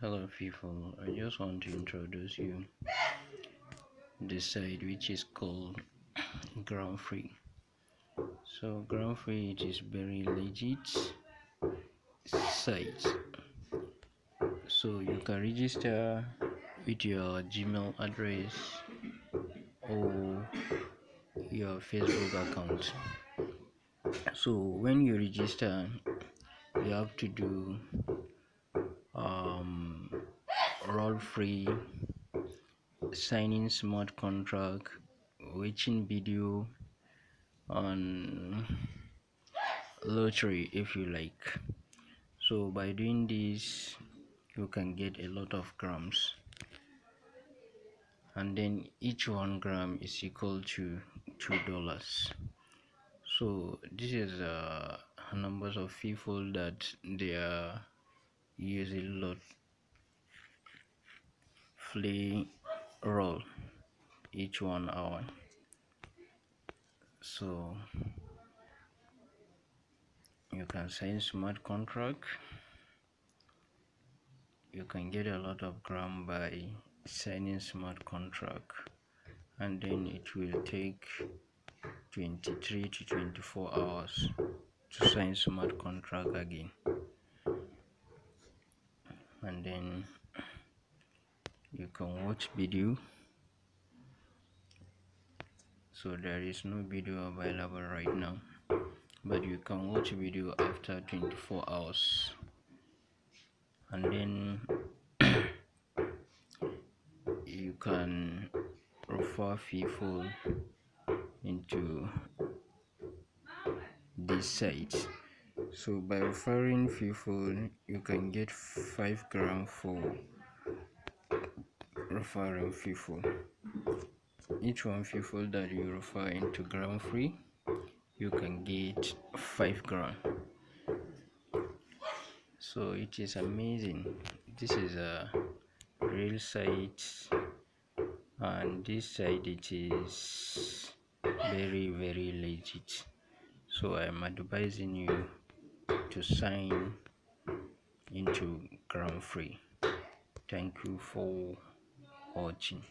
Hello people, I just want to introduce you this site which is called Ground Free. So Ground Free it is very legit site. So you can register with your Gmail address or your Facebook account. So when you register you have to do um, roll free signing smart contract watching video on lottery if you like so by doing this you can get a lot of grams and then each one gram is equal to two dollars so this is uh numbers of people that they are use a load flee roll each one hour so you can sign smart contract you can get a lot of gram by signing smart contract and then it will take 23 to 24 hours to sign smart contract again and then you can watch video so there is no video available right now but you can watch video after 24 hours and then you can refer people into this site so by referring people you can get 5 gram for referring people each one people that you refer into gram free you can get 5 gram so it is amazing this is a real site and this side it is very very legit so i'm advising you to sign into Grand Free. Thank you for watching.